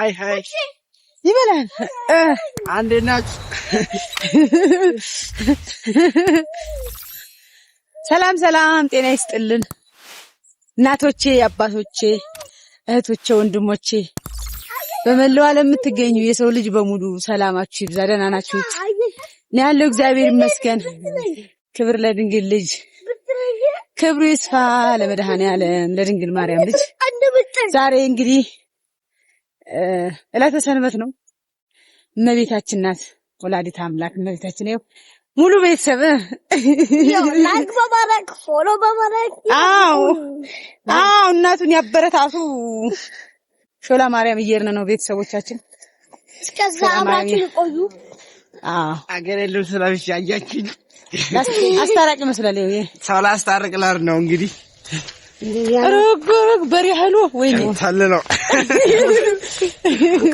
አይ አይ ይበላል። አንዴና ሰላም ሰላም፣ ጤና ይስጥልን እናቶቼ፣ አባቶቼ፣ እህቶቼ፣ ወንድሞቼ በመላው ዓለም የምትገኙ የሰው ልጅ በሙሉ ሰላማችሁ ይብዛ። ደህና ናችሁ? እኔ ያለው እግዚአብሔር ይመስገን። ክብር ለድንግል ልጅ ክብሩ ይስፋ ለመድኃኔ ዓለም ለድንግል ማርያም ልጅ ዛሬ እንግዲህ እለተ ሰንበት ነው። እመቤታችን ናት ወላዲት አምላክ እመቤታችን ይኸው ሙሉ ቤተሰብ ላይክ በማድረግ ፎሎ በማድረግ አዎ አዎ እናቱን ያበረታቱ። ሾላ ማርያም እየርነ ነው ቤተሰቦቻችን። እስከዛ አብራችሁ ይቆዩ። አዎ አገር የለም ስላልሻያችኝ አስታራቂ መስላለሁ። ሰው ላስታርቅ ላር ነው እንግዲህ ረግ ረግ በሪሐሎ ወይኔ ታለለው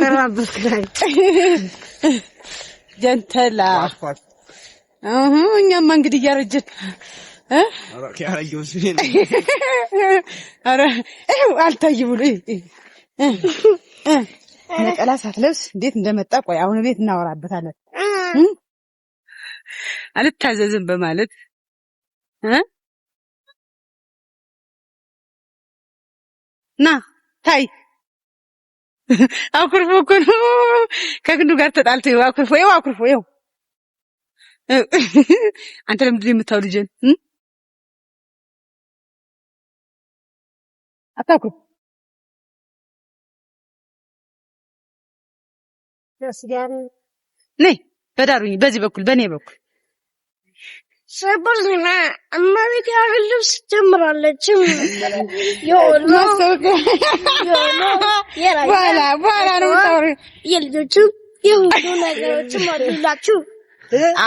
ከራብስ ላይ ጀንተላ አሁ እኛማ እንግዲህ እያረጀን እ ኧረ ይኸው አልታይ ብሎ ነጠላ ሳትለብስ እንዴት እንደመጣ ቆይ፣ አሁን ቤት እናወራበታለን። አልታዘዝም በማለት እ ና ታይ አኩርፎ እኮ ነው ከግንዱ ጋር ተጣልቶ ይኸው አኩርፎ ይኸው አኩርፎ ይኸው። አንተ ለምንድን የምታው ልጅን አታኩርፎ። ነይ በዳሩኝ፣ በዚህ በኩል በእኔ በኩል ሰርፕራይዝ ነው። ልብስ ጀምራለች። በኋላ ነው የልጆቹ የሁሉ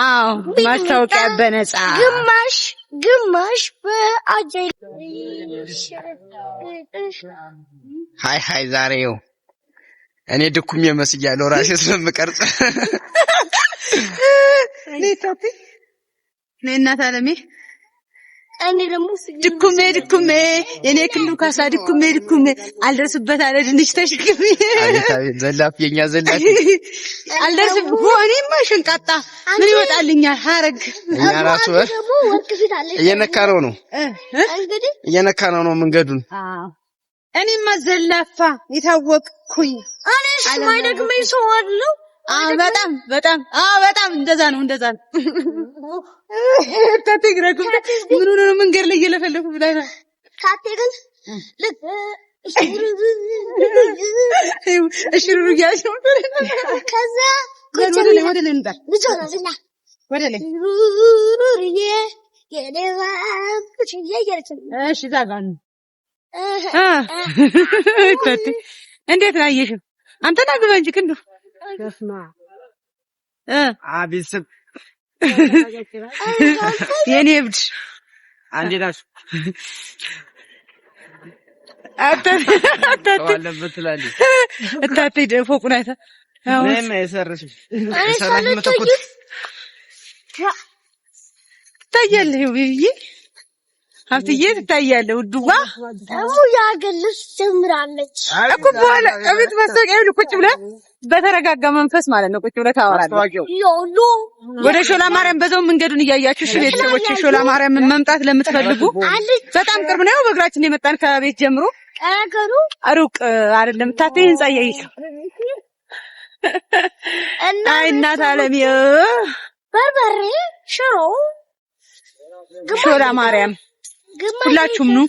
አዎ ማስታወቂያ ግማሽ ግማሽ ሀይ ሀይ ዛሬው እኔ ድኩም ራሴ ስለምቀርጽ ነይ እናት አለሜ እኔ ደግሞ ድኩሜ ድኩሜ የኔ ክሉ ካሳ ድኩሜ ድኩሜ አልደርስበት አለ ድንች ተሸክሜ ዘላፍ የኛ ዘላፍ አልደርስብ ሆኔማ ሸንቃጣ ምን ይወጣልኛል? ሀረግ እኛ ራሱ እየነካ ነው ነው እየነካ ነው ነው መንገዱን እኔማ ዘላፋ የታወቅኩኝ አለሽ ማይደግመኝ ሰው አለው በጣም በጣም አዎ በጣም እንደዛ ነው፣ እንደዛ ነው። ታቴ ግራ ምን ሆነ ነው መንገድ ላይ እየለፈለፉ ብላና ታቴ ግን ልክ እሽሩሩ እያለች ነው። ከዛ ወደ ላይ ወደ ላይ እንበል ወደ ላይ እሺ፣ እዛ ጋር ነው። እንዴት ነው አየሽው? አንተና ግባ እንጂ ክንዱ አቤተሰብ የኔ እብድ አንዴ ናችሁ እታቴ ፎቁን አይተህ ትታያለህ ብዬ ሀብትዬ ትታያለ ውድዋ ደግሞ የሀገር ልብስ ጀምራለች እኮ በኋላ እቤት ማስታወቂያ ይኸውልህ፣ ቁጭ ብለህ በተረጋጋ መንፈስ ማለት ነው። ቁጭ ብለህ ታወራለህ። ወደ ሾላ ማርያም በዛው መንገዱን እያያችሁ እሺ፣ ቤተሰቦች ሾላ ማርያም መምጣት ለምትፈልጉ በጣም ቅርብ ነው። በእግራችን የመጣን ከቤት ጀምሮ ቀገሩ ሩቅ አይደለም። ታተይ ህንጻ እያየች አይ እናት አለም በርበሬ ሽሮ ሾላ ማርያም ሁላችሁም ነው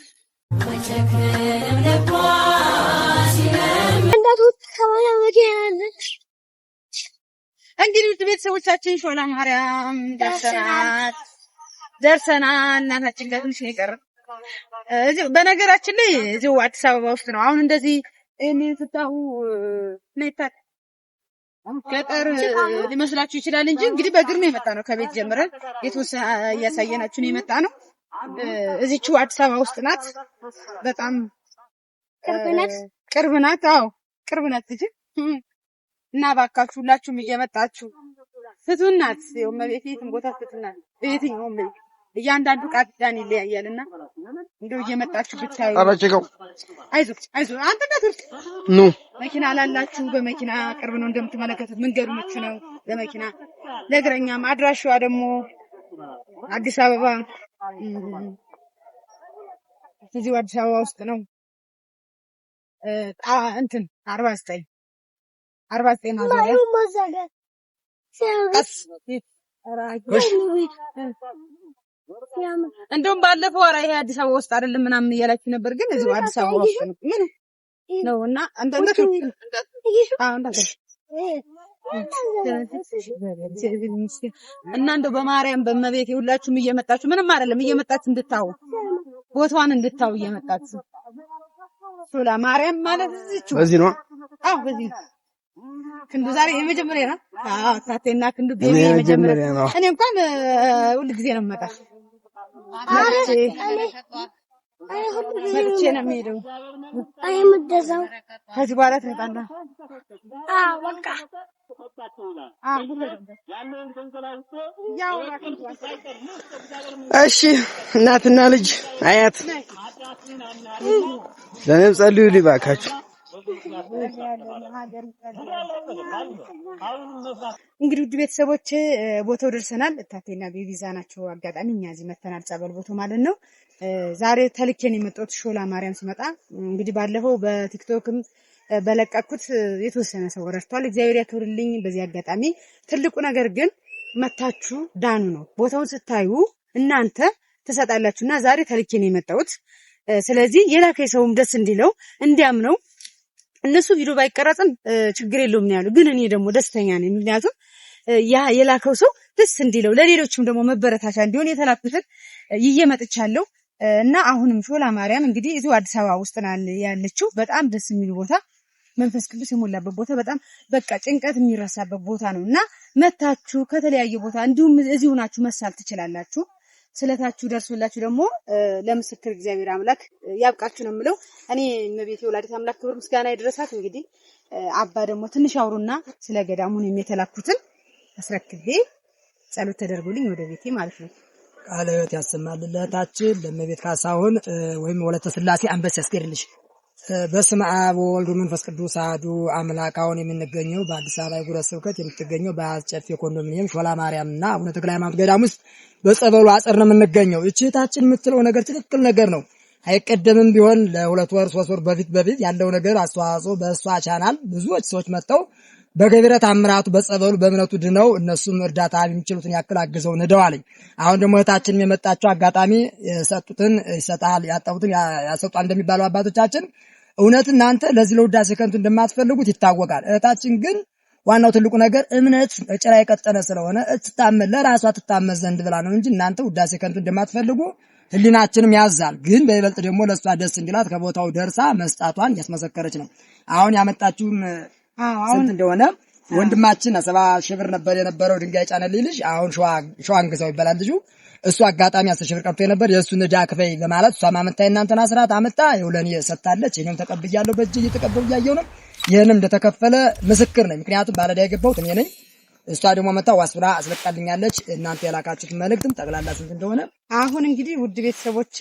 እንግዲህ ውድ ቤተሰቦቻችን ሾላ ማርያም ደርሰናል ደርሰናል። እናታችን ጋር ትንሽ ነው እዚሁ በነገራችን ላይ እዚሁ አዲስ አበባ ውስጥ ነው። አሁን እንደዚህ እኔ ስታሁ ነይታት ገጠር ሊመስላችሁ ይችላል እንጂ እንግዲህ በእግር ነው የመጣ ነው። ከቤት ጀምረን የተወሰነ እያሳየናችሁ ነው የመጣ ነው። እዚችው አዲስ አበባ ውስጥ ናት። በጣም ቅርብ ናት። አዎ ቅርብ ናት ልጅ እና እባካችሁ ሁላችሁም እየመጣችሁ ፍቱን ናት። እመቤቴ የትም ቦታ ፍቱን ናት። የትኛውም እያንዳንዱ ኪዳን ይለያያል እና እንደው እየመጣችሁ ብታዩ አይዞ አይዞ አንተ እንዳትወድቅ ኑ መኪና ላላችሁ በመኪና ቅርብ ነው እንደምትመለከቱት መንገዱ ምቹ ነው ለመኪና ለእግረኛም። አድራሻዋ ደግሞ አዲስ አበባ እዚሁ አዲስ አበባ ውስጥ ነው። እንትን አርባ ዘጠኝ አርባ ዘጠኝ ማዘሪያ እንደውም ባለፈው ኧረ ይሄ አዲስ አበባ ውስጥ አይደለም ምናምን እያላችሁ ነበር፣ ግን እዚሁ አዲስ አበባ ውስጥ ነው። ነው እና እና እንደው በማርያም በመቤት ሁላችሁም እየመጣችሁ ምንም አይደለም፣ እየመጣችሁ እንድታው ቦታዋን እንድታው እየመጣችሁ ሶላ ማርያም ማለት እዚህችሁ በዚህ ነው። አዎ በዚህ ክንዱ ዛሬ የመጀመሪያ ነው። አዎ ሳቴና ክንዱ ቤቢ የመጀመሪያ ነው። እኔ እንኳን ሁልጊዜ ነው የምመጣ መጥቼ ነው የሚሄደው። የምትገዛው ከዚህ በኋላ ትመጣና በቃ እሺ። እናትና ልጅ አያት ለእኔም ጸልዩ እባካችሁ። እንግዲህ ውድ ቤተሰቦች ቦታው ደርሰናል። እታቴና ቤቢዛ ናቸው። አጋጣሚ እኛ እዚህ መተናል፣ ጸበል ቦታው ማለት ነው። ዛሬ ተልኬን የመጣሁት ሾላ ማርያም ስመጣ እንግዲህ ባለፈው በቲክቶክም በለቀኩት የተወሰነ ሰው ረድቷል። እግዚአብሔር ያክብርልኝ። በዚህ አጋጣሚ ትልቁ ነገር ግን መታችሁ ዳኑ ነው። ቦታውን ስታዩ እናንተ ትሰጣላችሁ እና ዛሬ ተልኬን የመጣሁት ስለዚህ የላከ ሰውም ደስ እንዲለው እንዲያም ነው እነሱ ቪዲዮ ባይቀረጽም ችግር የለውም ያሉ። ግን እኔ ደግሞ ደስተኛ ነኝ፣ ምክንያቱም ያ የላከው ሰው ደስ እንዲለው ለሌሎችም ደግሞ መበረታቻ እንዲሆን የተላኩትን ይዤ መጥቻለሁ። እና አሁንም ሾላ ማርያም እንግዲህ እዚሁ አዲስ አበባ ውስጥ ያለችው በጣም ደስ የሚል ቦታ፣ መንፈስ ቅዱስ የሞላበት ቦታ፣ በጣም በቃ ጭንቀት የሚረሳበት ቦታ ነው እና መታችሁ ከተለያየ ቦታ እንዲሁም እዚሁ ናችሁ መሳል ትችላላችሁ። ስለታችሁ ደርሶላችሁ ደግሞ ለምስክር እግዚአብሔር አምላክ ያብቃችሁ ነው የምለው። እኔ እመቤቴ ወላዲት አምላክ ክብር ምስጋና ይድረሳት። እንግዲህ አባ ደግሞ ትንሽ አውሩና ስለ ገዳሙን የተላኩትን አስረክቤ ጸሎት ተደርጎልኝ ወደ ቤቴ ማለት ነው። ቃለ ሕይወት ያሰማልለታችን ለእመቤት ካሳሁን ወይም ወለተ ስላሴ አንበስ ያስገድልሽ። በስመ አብ ወወልድ መንፈስ ቅዱስ አሐዱ አምላክ። አሁን የምንገኘው በአዲስ አበባ ሀገረ ስብከት የምትገኘው በአጨፌ ኮንዶሚኒየም ሾላ ማርያምና አቡነ ተክለ ሃይማኖት ገዳም ውስጥ በጸበሉ አጽር ነው የምንገኘው። እችታችን የምትለው ነገር ትክክል ነገር ነው። አይቀደምም ቢሆን ለሁለት ወር ሶስት ወር በፊት በፊት ያለው ነገር አስተዋጽኦ በእሷ ቻናል ብዙዎች ሰዎች መጥተው በገቢረ ተአምራቱ በጸበሉ በእምነቱ ድነው እነሱም እርዳታ የሚችሉትን ያክል አግዘውን ሄደዋል። አሁን ደግሞ እህታችንም የመጣቸው አጋጣሚ የሰጡትን ይሰጣል፣ ያጠቡትን ያሰጧል እንደሚባሉ አባቶቻችን እውነት እናንተ ለዚህ ለውዳሴ ከንቱ እንደማትፈልጉት ይታወቃል። እህታችን ግን ዋናው ትልቁ ነገር እምነት ጭራ የቀጠነ ስለሆነ ትታመን ለራሷ ትታመን ዘንድ ብላ ነው እንጂ እናንተ ውዳሴ ከንቱ እንደማትፈልጉ ህሊናችንም ያዛል። ግን በይበልጥ ደግሞ ለእሷ ደስ እንዲላት ከቦታው ደርሳ መስጣቷን እያስመሰከረች ነው። አሁን ያመጣችውን ስንት እንደሆነ ወንድማችን አሰባ ሺህ ብር ነበር የነበረው ድንጋይ ጫነልኝ ልጅ አሁን ሸዋን ግዛው ይባላል ልጁ። እሱ አጋጣሚ አስር ሺህ ብር ቀርቶ የነበር የእሱን ዕዳ ክፈይ በማለት እሷም አመታ የእናንተን አስራት አመጣ የውለን ሰጥታለች። ይህንም ተቀብያለሁ በእጅ እየተቀበሉ እያየው ነው። ይህንም እንደተከፈለ ምስክር ነኝ። ምክንያቱም ባለዳ የገባሁት እኔ ነኝ። እሷ ደግሞ መታ ብላ አስለቃልኛለች። እናንተ የላካችሁት መልእክትም ጠቅላላ ስንት እንደሆነ አሁን እንግዲህ ውድ ቤተሰቦች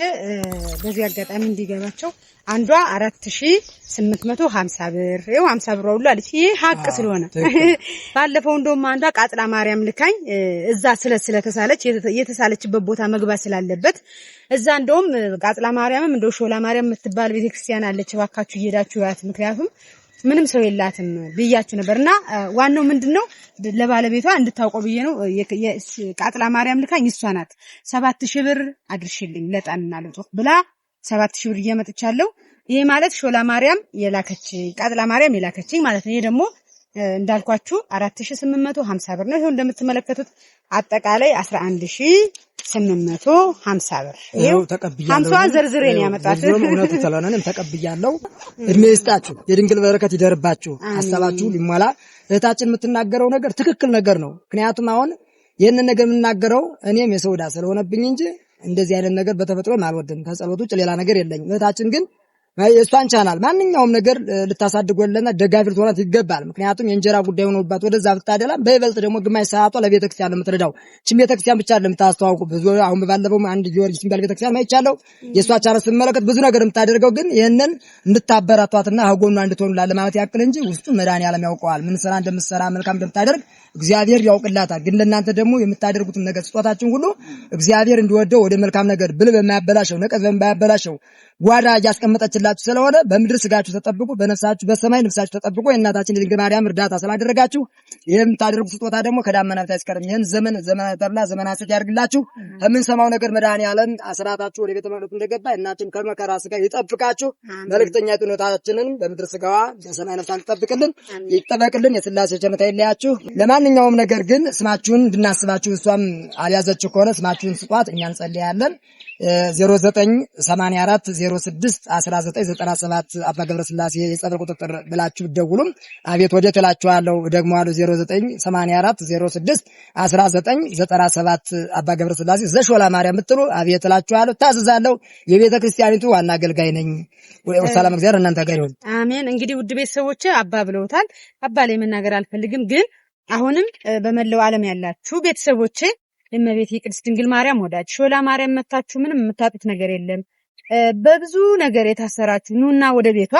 በዚህ አጋጣሚ እንዲገባቸው አንዷ አራት ሺ ስምንት መቶ ሀምሳ ብር ይኸው ሀምሳ ብር ሁሉ አለች። ይሄ ሀቅ ስለሆነ ባለፈው እንደውም አንዷ ቃጥላ ማርያም ልካኝ እዛ ስለ ስለተሳለች የተሳለችበት ቦታ መግባት ስላለበት እዛ እንደውም ቃጥላ ማርያምም እንደው ሾላ ማርያም የምትባል ቤተክርስቲያን አለች። እባካችሁ እየሄዳችሁ ያት ምክንያቱም ምንም ሰው የላትም ብያችሁ ነበር። እና ዋናው ምንድን ነው ለባለቤቷ እንድታውቀው ብዬ ነው። ቃጥላ ማርያም ልካኝ እሷ ናት ሰባት ሺህ ብር አድርሽልኝ ለጣንና ለጦፍ ብላ ሰባት ሺህ ብር እየመጥቻለሁ። ይሄ ማለት ሾላ ማርያም የላከች ቃጥላ ማርያም የላከችኝ ማለት ነው። ይሄ ደግሞ እንዳልኳችሁ 4850 ብር ነው። ይሁን እንደምትመለከቱት አጠቃላይ 11000 ስምንት መቶ ሀምሳ ብር ነው እውነቱ ተቀብያለሁ። እድሜ ይስጣችሁ፣ የድንግል በረከት ይደርባችሁ፣ ሀሳባችሁ ሊሟላ። እህታችን የምትናገረው ነገር ትክክል ነገር ነው። ምክንያቱም አሁን ይህንን ነገር የምናገረው እኔም የሰውዳ ስለሆነብኝ እንጂ እንደዚህ አይነት ነገር በተፈጥሮ አልወድም። ከጸሎት ውጭ ሌላ ነገር የለኝም። እህታችን ግን የእሷን ቻናል ማንኛውም ነገር ልታሳድጎለና ደጋፊ ልትሆናት ይገባል። ምክንያቱም የእንጀራ ጉዳይ ሆኖባት ወደዛ ብታደላም በይበልጥ ደግሞ ግማሽ ሰዓቷ ለቤተክርስቲያን ለምትረዳው ችም ቤተክርስቲያን ብቻ ለምታስተዋውቁ ብዙ አሁን በባለፈው አንድ ጊዮርጊስ ሚባል ቤተክርስቲያን ማይቻለው የእሷ ቻናል ስመለከት ብዙ ነገር የምታደርገው ግን ይህንን እንድታበራቷትና ህጎኗ እንድትሆኑላ ለማለት ያክል እንጂ ውስጡ መድኃኔዓለም ያውቀዋል ምን ስራ እንደምትሰራ መልካም እንደምታደርግ እግዚአብሔር ያውቅላታል። ግን ለእናንተ ደግሞ የምታደርጉትን ነገር ስጦታችን ሁሉ እግዚአብሔር እንዲወደው ወደ መልካም ነገር ብል በማያበላሸው ነቀዝ በማያበላሸው ጓዳ እያስቀመጠችላችሁ ስለሆነ በምድር ስጋችሁ ተጠብቁ፣ በነፍሳችሁ በሰማይ ነፍሳችሁ ተጠብቁ። የእናታችን የድንግል ማርያም እርዳታ ስላደረጋችሁ የምታደርጉት ስጦታ ደግሞ ከዳመና በታች አይቀርም። ይህን ዘመን ዘመን ተብላ ዘመን አሰት ያድርግላችሁ። ከምንሰማው ነገር መድኃኔዓለም አስራታችሁ ወደ ቤተ መቅደሱ እንደገባ እናችን ከመከራ ስጋ ይጠብቃችሁ። መልእክተኛ ጥኖታችንን በምድር ስጋዋ በሰማይ ነፍሳን ትጠብቅልን ይጠበቅልን። የስላሴ ቸርነት አይለያችሁ። ለማንኛውም ነገር ግን ስማችሁን እንድናስባችሁ እሷም አልያዘችው ከሆነ ስማችሁን ስጧት፣ እኛ እንጸልያለን። 0984061997 አባ ገብረስላሴ የጸበል ቁጥጥር ብላችሁ ደውሉም። አቤት ወዴት እላችኋለሁ እደግመዋለሁ። 0984061997 አባ ገብረስላሴ ዘሾላ ማርያም ምትሉ አቤት እላችኋለሁ፣ ታዝዛለሁ። የቤተ ክርስቲያኒቱ ዋና አገልጋይ ነኝ። ሰላም እግዚአብሔር እናንተ ጋር ይሁን። አሜን። እንግዲህ ውድ ሰዎች አባ ብለውታል። አባ ላይ መናገር አልፈልግም ግን አሁንም በመላው ዓለም ያላችሁ ቤተሰቦቼ እመቤቴ የቅድስት ድንግል ማርያም ወዳጅ ሾላ ማርያም መታችሁ ምንም የምታጡት ነገር የለም። በብዙ ነገር የታሰራችሁ ኑና ወደ ቤቷ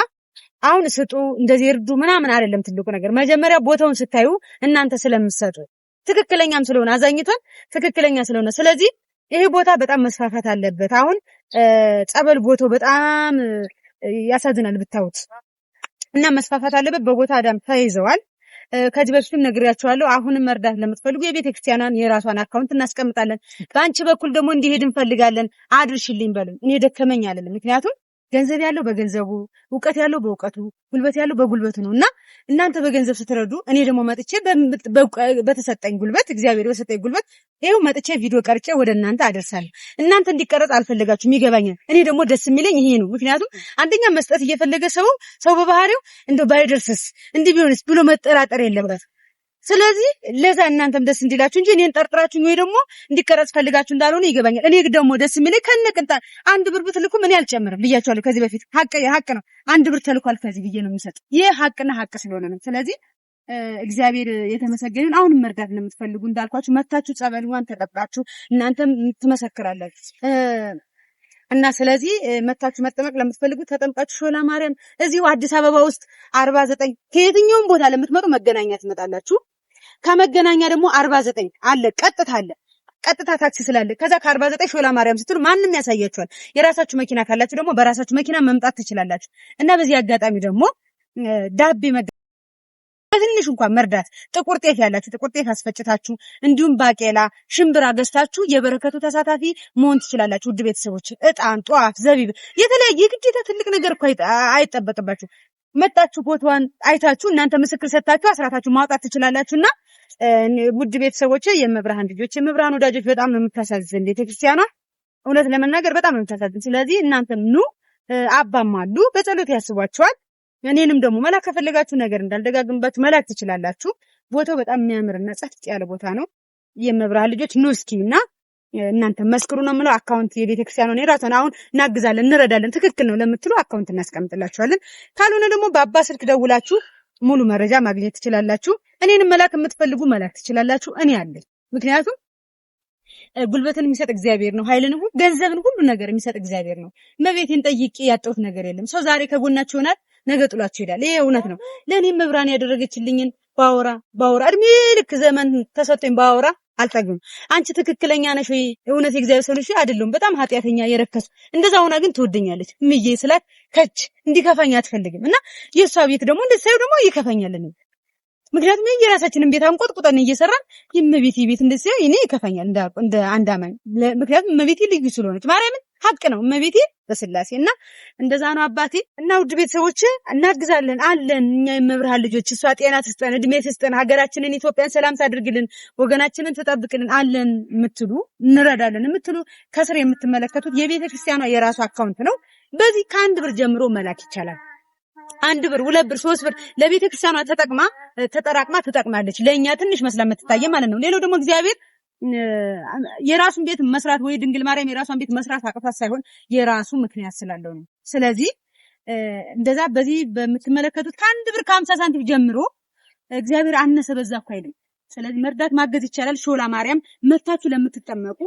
አሁን ስጡ፣ እንደዚህ እርዱ ምናምን አይደለም ትልቁ ነገር። መጀመሪያ ቦታውን ስታዩ እናንተ ስለምትሰጡ ትክክለኛም ስለሆነ አዛኝቷን ትክክለኛ ስለሆነ ስለዚህ ይሄ ቦታ በጣም መስፋፋት አለበት። አሁን ጸበል ቦታው በጣም ያሳዝናል ብታዩት እና መስፋፋት አለበት። በቦታ አዳም ተይዘዋል። ከዚህ በፊትም ነግሬያቸዋለሁ። አሁንም መርዳት ለምትፈልጉ የቤተክርስቲያኗን የራሷን አካውንት እናስቀምጣለን። በአንቺ በኩል ደግሞ እንዲሄድ እንፈልጋለን አድርሽልኝ በሉኝ። እኔ ደከመኝ አለልም። ምክንያቱም ገንዘብ ያለው በገንዘቡ፣ እውቀት ያለው በእውቀቱ፣ ጉልበት ያለው በጉልበቱ ነው እና እናንተ በገንዘብ ስትረዱ እኔ ደግሞ መጥቼ በተሰጠኝ ጉልበት እግዚአብሔር በሰጠኝ ጉልበት ይኸው መጥቼ ቪዲዮ ቀርጬ ወደ እናንተ አደርሳለሁ። እናንተ እንዲቀረጽ አልፈለጋችሁም፣ ይገባኛል። እኔ ደግሞ ደስ የሚለኝ ይሄ ነው። ምክንያቱም አንደኛ መስጠት እየፈለገ ሰው ሰው በባህሪው እንደ ባይደርስስ እንዲህ ቢሆንስ ብሎ መጠራጠር የለበት ስለዚህ ለዛ እናንተም ደስ እንዲላችሁ እንጂ እኔን ጠርጥራችሁኝ ወይ ደግሞ እንዲቀረጽ ፈልጋችሁ እንዳልሆነ ይገባኛል። እኔ ደግሞ ደስ የሚለኝ ከነ ቅንጣ አንድ ብር ብትልኩም እኔ አልጨምርም ብያችኋለሁ ከዚህ በፊት ሀቅ ሀቅ ነው። አንድ ብር ተልኳል ከዚህ ብዬ ነው የሚሰጥ። ይህ ሀቅና ሀቅ ስለሆነ ነው። ስለዚህ እግዚአብሔር የተመሰገንን አሁንም መርዳት ለምትፈልጉ እንዳልኳችሁ መታችሁ ጸበልዋን ተጠቅጣችሁ እናንተም ትመሰክራላችሁ እና ስለዚህ መታችሁ መጠመቅ ለምትፈልጉ ተጠምቃችሁ ሾላ ማርያም እዚሁ አዲስ አበባ ውስጥ አርባ ዘጠኝ ከየትኛውም ቦታ ለምትመጡ መገናኛ ትመጣላችሁ። ከመገናኛ ደግሞ አርባ ዘጠኝ አለ ቀጥታ አለ ቀጥታ ታክሲ ስላለ ከዛ ከአርባ ዘጠኝ ሾላ ማርያም ስትሉ ማንም ያሳያችኋል። የራሳችሁ መኪና ካላችሁ ደግሞ በራሳችሁ መኪና መምጣት ትችላላችሁ። እና በዚህ አጋጣሚ ደግሞ ዳቤ በትንሽ እንኳን መርዳት ጥቁር ጤፍ ያላችሁ ጥቁር ጤፍ አስፈጭታችሁ እንዲሁም ባቄላ፣ ሽምብራ ገዝታችሁ የበረከቱ ተሳታፊ መሆን ትችላላችሁ። ውድ ቤተሰቦች፣ እጣን፣ ጧፍ፣ ዘቢብ የተለያየ ግዴታ ትልቅ ነገር እኮ አይጠበቅባችሁ። መጣችሁ ቦታዋን አይታችሁ እናንተ ምስክር ሰጥታችሁ አስራታችሁ ማውጣት ትችላላችሁ እና ውድ ቤተሰቦች፣ የመብርሃን ልጆች፣ የመብርሃን ወዳጆች በጣም ነው የምታሳዝን ቤተክርስቲያኗ። እውነት ለመናገር በጣም ነው የምታሳዝን። ስለዚህ እናንተም ኑ፣ አባም አሉ፣ በጸሎት ያስቧቸዋል። እኔንም ደግሞ መላክ ከፈለጋችሁ ነገር እንዳልደጋግምባችሁ መላክ ትችላላችሁ። ቦታው በጣም የሚያምርና ጸጥ ያለ ቦታ ነው። የመብርሃን ልጆች ኑ እስኪ እና እናንተ መስክሩ ነው የምለው። አካውንት የቤተክርስቲያኗን ራሱን አሁን እናግዛለን እንረዳለን ትክክል ነው ለምትሉ አካውንት እናስቀምጥላችኋለን። ካልሆነ ደግሞ በአባ ስልክ ደውላችሁ ሙሉ መረጃ ማግኘት ትችላላችሁ። እኔንም መላክ የምትፈልጉ መላክ ትችላላችሁ። እኔ አለኝ። ምክንያቱም ጉልበትን የሚሰጥ እግዚአብሔር ነው። ኃይልን፣ ገንዘብን፣ ሁሉ ነገር የሚሰጥ እግዚአብሔር ነው። መቤቴን ጠይቄ ያጣሁት ነገር የለም። ሰው ዛሬ ከጎናችሁ ይሆናል፣ ነገ ጥሏችሁ ይሄዳል። ይሄ እውነት ነው። ለእኔም መብራን ያደረገችልኝን ባወራ ባወራ እድሜ ልክ ዘመን ተሰጥቶኝ ባወራ አልጠግብም። አንቺ ትክክለኛ ነሽ ወይ? እውነት የእግዚአብሔር ሰው ነሽ አይደለም? በጣም ኃጢአተኛ የረከሱ እንደዛ ሆና ግን ትወደኛለች። ምዬ ስላት ከች እንዲከፋኝ አትፈልግም። እና የእሷ ቤት ደግሞ እንደ ሳይው ደግሞ ይከፋኛል። ምክንያቱም የራሳችንን ቤት አንቆጥቁጠን እየሰራን የእመቤቴ ቤት እንደዚህ እኔ ይከፋኛል፣ እንደ አንድ አማኝ ምክንያቱም እመቤቴ ልዩ ስለሆነች ማርያምን ሀቅ ነው እመቤቴ በስላሴ እና እንደዛ ነው አባቴ። እና ውድ ቤተሰቦች እናግዛለን አለን እኛ የመብርሃን ልጆች እሷ ጤና ትስጠን፣ እድሜ ትስጠን፣ ሀገራችንን ኢትዮጵያን ሰላም ታድርግልን፣ ወገናችንን ትጠብቅልን አለን የምትሉ እንረዳለን የምትሉ ከስር የምትመለከቱት የቤተ ክርስቲያኗ የራሱ አካውንት ነው። በዚህ ከአንድ ብር ጀምሮ መላክ ይቻላል። አንድ ብር፣ ሁለት ብር፣ ሶስት ብር ለቤተ ክርስቲያኗ ተጠቅማ ተጠራቅማ ትጠቅማለች። ለእኛ ትንሽ መስላ የምትታየ ማለት ነው። ሌላው ደግሞ እግዚአብሔር የራሱን ቤት መስራት ወይ ድንግል ማርያም የራሷን ቤት መስራት አቅፋት ሳይሆን የራሱ ምክንያት ስላለው ነው። ስለዚህ እንደዛ በዚህ በምትመለከቱት ከአንድ ብር ከሀምሳ ሳንቲም ጀምሮ እግዚአብሔር አነሰ በዛ እኮ አይልም። ስለዚህ መርዳት ማገዝ ይቻላል። ሾላ ማርያም መታችሁ ለምትጠመቁ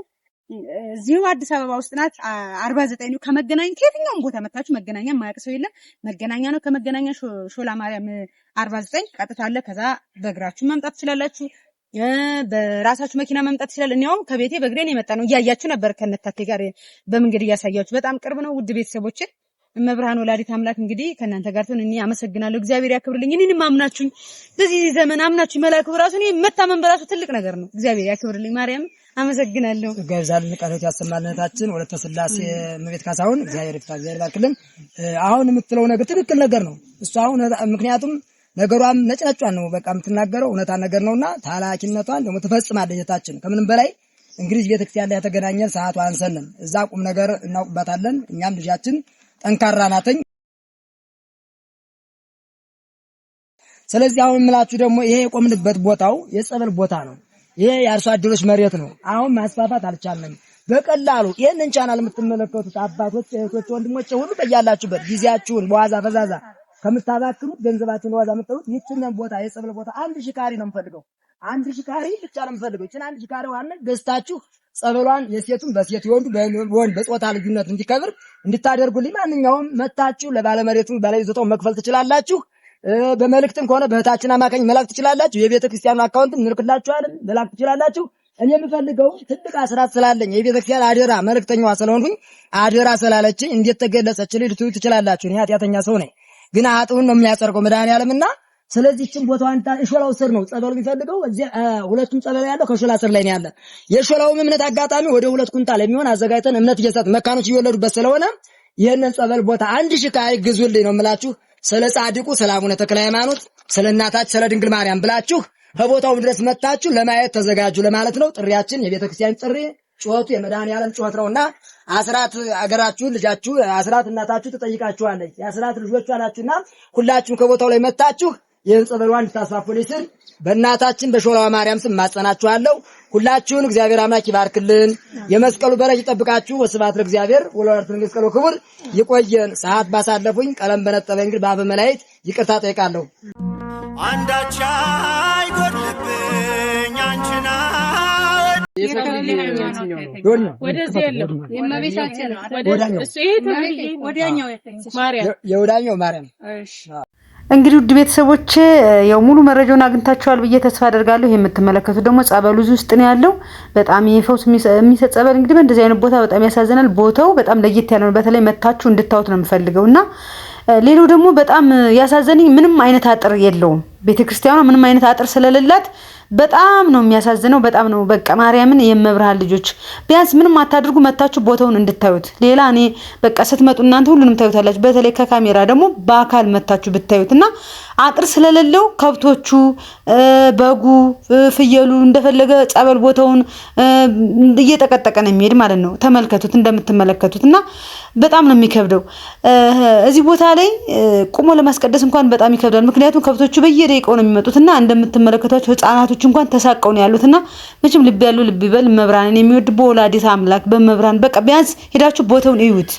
እዚሁ አዲስ አበባ ውስጥ ናት። አርባ ዘጠኝ ነው ከመገናኛ ከየትኛውም ቦታ መታችሁ መገናኛ ማያውቅ ሰው የለም። መገናኛ ነው ከመገናኛ ሾላ ማርያም አርባ ዘጠኝ ቀጥታ አለ። ከዛ በእግራችሁ መምጣት ትችላላችሁ። በራሳችሁ መኪና መምጣት ይችላል። እኒያውም ከቤቴ በእግሬን የመጣ ነው። እያያችሁ ነበር ከነታቴ ጋር በመንገድ እያሳያችሁ፣ በጣም ቅርብ ነው። ውድ ቤተሰቦችን እመብርሃን ወላዲት አምላክ እንግዲህ ከእናንተ ጋር ትሆን እኔ አመሰግናለሁ። እግዚአብሔር ያክብርልኝ። እኔንም አምናችሁኝ በዚህ ዘመን አምናችሁኝ መላክ በራሱ እኔ መታመን በራሱ ትልቅ ነገር ነው። እግዚአብሔር ያክብርልኝ። ማርያም አመሰግናለሁ። ገብዛልን ቀሎት ያሰማልነታችን ወለተ ስላሴ መቤት ካሳሁን እግዚአብሔር ይፍታ፣ እግዚአብሔር ባርክልን። አሁን የምትለው ነገር ትክክል ነገር ነው እሱ አሁን ምክንያቱም ነገሯም ነጭነጯን ነው በቃ የምትናገረው እውነታ ነገር ነውና ታላኪነቷን ደግሞ ትፈጽማለች። እህታችን ከምንም በላይ እንግዲህ ቤተክርስቲያን ላይ የተገናኘን ሰዓቱ አንሰንም። እዛ ቁም ነገር እናውቅበታለን። እኛም ልጃችን ጠንካራ ናተኝ። ስለዚህ አሁን የምላችሁ ደግሞ ይሄ የቆምንበት ቦታው የጸበል ቦታ ነው። ይሄ የአርሶ አደሮች መሬት ነው። አሁን ማስፋፋት አልቻለም። በቀላሉ ይህንን ቻናል የምትመለከቱት አባቶች፣ እህቶች፣ ወንድሞች ሁሉ በያላችሁበት ጊዜያችሁን በዋዛ ፈዛዛ ከምታባክኑት ገንዘባችሁን ለዋዛ የምትጠሩት ይህችንን ቦታ የሰብል ቦታ አንድ ሺህ ካሬ ነው የምፈልገው። አንድ ሺህ ካሬ ብቻ ነው የምፈልገው። ይህችን አንድ ሺህ ካሬ ዋና ገዝታችሁ ጸበሏን የሴቱን በሴት የወንዱ በወንድ በጾታ ልዩነት እንዲከብር እንድታደርጉልኝ ማንኛውም መታችሁ ለባለመሬቱ በላይ ባለይዞታው መክፈል ትችላላችሁ። በመልእክትም ከሆነ በእህታችን አማካኝ መላክ ትችላላችሁ። የቤተ ክርስቲያኑ አካውንት እንልክላችኋለን፣ መላክ ትችላላችሁ። እኔ የምፈልገው ትልቅ አስራት ስላለኝ የቤተ ክርስቲያን አደራ መልእክተኛዋ ስለሆንኩኝ አደራ ስላለችኝ እንዴት ተገለጸችልኝ ልትሉ ትችላላችሁ። እኔ ኃጢአተኛ ሰው ነኝ። ግን አጥሩን ነው የሚያጸርቀው መድኃኒዓለም እና ስለዚህችን ቦታዋን እሾላው ስር ነው ጸበሉ የሚፈልገው። እዚህ ሁለቱም ጸበል ያለው ከሾላ ስር ላይ ነው ያለ። የሾላውም እምነት አጋጣሚ ወደ ሁለት ኩንታል የሚሆን አዘጋጅተን እምነት እየሰጥ መካኖች እየወለዱበት ስለሆነ ይህንን ጸበል ቦታ አንድ ሺህ ካህይ ግዙልኝ ነው የምላችሁ። ስለ ጻድቁ ስለ አቡነ ተክለ ሃይማኖት፣ ስለ እናታች ስለ ድንግል ማርያም ብላችሁ ከቦታው ድረስ መታችሁ ለማየት ተዘጋጁ ለማለት ነው ጥሪያችን። የቤተክርስቲያን ጥሪ ጩኸቱ የመድኃኔዓለም ጩኸት ነውና አስራት አገራችሁን ልጃችሁ አስራት እናታችሁ ትጠይቃችኋለች። የአስራት ልጆቹ አላችሁና ሁላችሁም ከቦታው ላይ መታችሁ ይህን ጸበሏን እንድታስፋፉልኝ ስል በእናታችን በሾላዋ ማርያም ስም ማጸናችኋለሁ። ሁላችሁን እግዚአብሔር አምላክ ይባርክልን፣ የመስቀሉ በረጅ ይጠብቃችሁ። ወስብሐት ለእግዚአብሔር ወለወላዲቱ ድንግል ክቡር ይቆየን። ሰዓት ባሳለፉኝ ቀለም በነጠበ እንግዲህ በአበ መላእክት ይቅርታ ጠይቃለሁ። አንዳቻ የወዳኛው ማርያም። እንግዲህ ውድ ቤተሰቦች ያው ሙሉ መረጃውን አግኝታችኋል ብዬ ተስፋ አደርጋለሁ። ይህ የምትመለከቱት ደግሞ ጸበሉ እዚህ ውስጥ ነው ያለው። በጣም የፈውስ የሚሰጥ ጸበል እንግዲህ በእንደዚህ አይነት ቦታ በጣም ያሳዝናል። ቦታው በጣም ለየት ያለ ነው። በተለይ መታችሁ እንድታዩት ነው የምፈልገው እና ሌላው ደግሞ በጣም ያሳዘነኝ ምንም አይነት አጥር የለውም። ቤተ ክርስቲያኗ ምንም አይነት አጥር ስለሌላት በጣም ነው የሚያሳዝነው። በጣም ነው በቃ ማርያምን የመብርሃን ልጆች ቢያንስ ምንም አታድርጉ፣ መታችሁ ቦታውን እንድታዩት። ሌላ እኔ በቃ ስትመጡ እናንተ ሁሉንም ታዩታላችሁ። በተለይ ከካሜራ ደግሞ በአካል መታችሁ ብታዩት እና አጥር ስለሌለው ከብቶቹ፣ በጉ፣ ፍየሉ እንደፈለገ ጸበል ቦታውን እየጠቀጠቀ ነው የሚሄድ ማለት ነው። ተመልከቱት፣ እንደምትመለከቱት እና በጣም ነው የሚከብደው። እዚህ ቦታ ላይ ቁሞ ለማስቀደስ እንኳን በጣም ይከብዳል። ምክንያቱም ከብቶቹ በየ ተጠይቀው ነው የሚመጡትና እንደምትመለከቷቸው ህጻናቶች እንኳን ተሳቀው ነው ያሉትና መቼም ልብ ያሉ ልብ ይበል። መብራንን የሚወድ በወላዲተ አምላክ በመብራን በቃ ቢያንስ ሄዳችሁ ቦታውን እዩት።